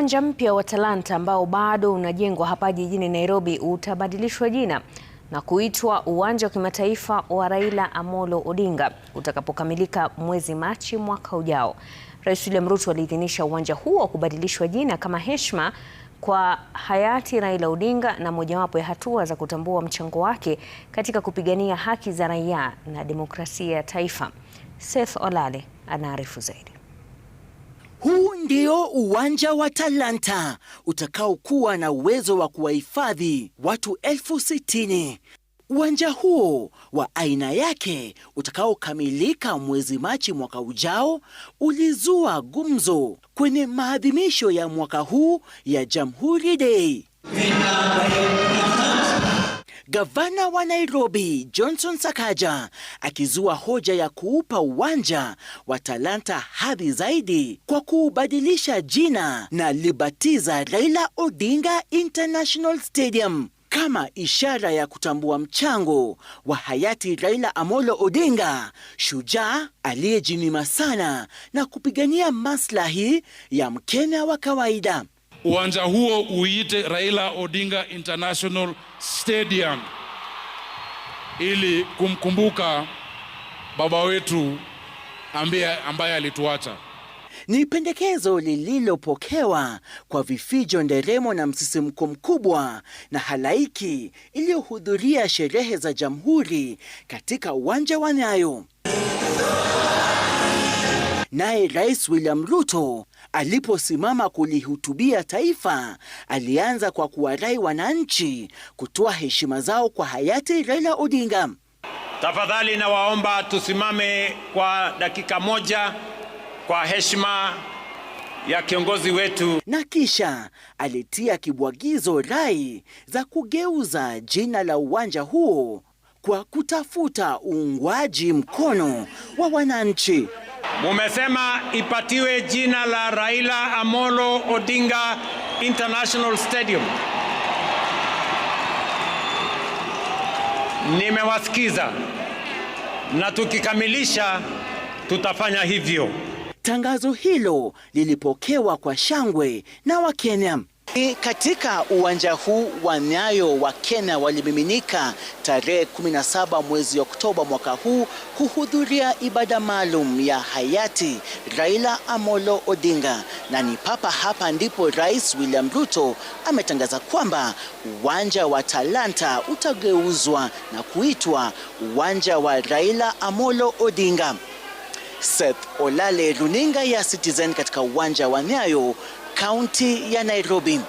Uwanja mpya wa Talanta ambao bado unajengwa hapa jijini Nairobi utabadilishwa jina na kuitwa Uwanja wa Kimataifa wa Raila Amolo Odinga utakapokamilika mwezi Machi mwaka ujao. Rais William Ruto aliidhinisha uwanja huo kubadilishwa jina kama heshima kwa hayati Raila Odinga na mojawapo ya hatua za kutambua mchango wake katika kupigania haki za raia na demokrasia ya taifa. Seth Olale anaarifu zaidi ndio uwanja wa Talanta utakaokuwa na uwezo wa kuwahifadhi watu elfu sitini. Uwanja huo wa aina yake utakaokamilika mwezi Machi mwaka ujao ulizua gumzo kwenye maadhimisho ya mwaka huu ya Jamhuri Day. Gavana wa Nairobi Johnson Sakaja akizua hoja ya kuupa uwanja wa Talanta hadhi zaidi kwa kuubadilisha jina na libatiza Raila Odinga International Stadium kama ishara ya kutambua mchango wa hayati Raila Amolo Odinga, shujaa aliyejinima sana na kupigania maslahi ya Mkenya wa kawaida. Uwanja huo uite Raila Odinga International Stadium ili kumkumbuka baba wetu ambaye ambaye alituacha. Ni pendekezo lililopokewa kwa vifijo, nderemo na msisimko mkubwa na halaiki iliyohudhuria sherehe za Jamhuri katika uwanja wa Nyayo. Naye Rais William Ruto aliposimama kulihutubia taifa, alianza kwa kuwarai wananchi kutoa heshima zao kwa hayati Raila Odinga. Tafadhali nawaomba tusimame kwa dakika moja kwa heshima ya kiongozi wetu. Na kisha alitia kibwagizo rai za kugeuza jina la uwanja huo kwa kutafuta uungwaji mkono wa wananchi. Mumesema ipatiwe jina la Raila Amolo Odinga International Stadium. Nimewasikiza na tukikamilisha tutafanya hivyo. Tangazo hilo lilipokewa kwa shangwe na Wakenya. E, katika uwanja huu wa Nyayo wa kenya walimiminika tarehe 17 mwezi Oktoba mwaka huu kuhudhuria ibada maalum ya hayati Raila Amolo Odinga, na ni papa hapa ndipo Rais William Ruto ametangaza kwamba uwanja wa Talanta utageuzwa na kuitwa uwanja wa Raila Amolo Odinga. Seth Olale, runinga ya Citizen katika uwanja wa Nyayo, kaunti ya Nairobi.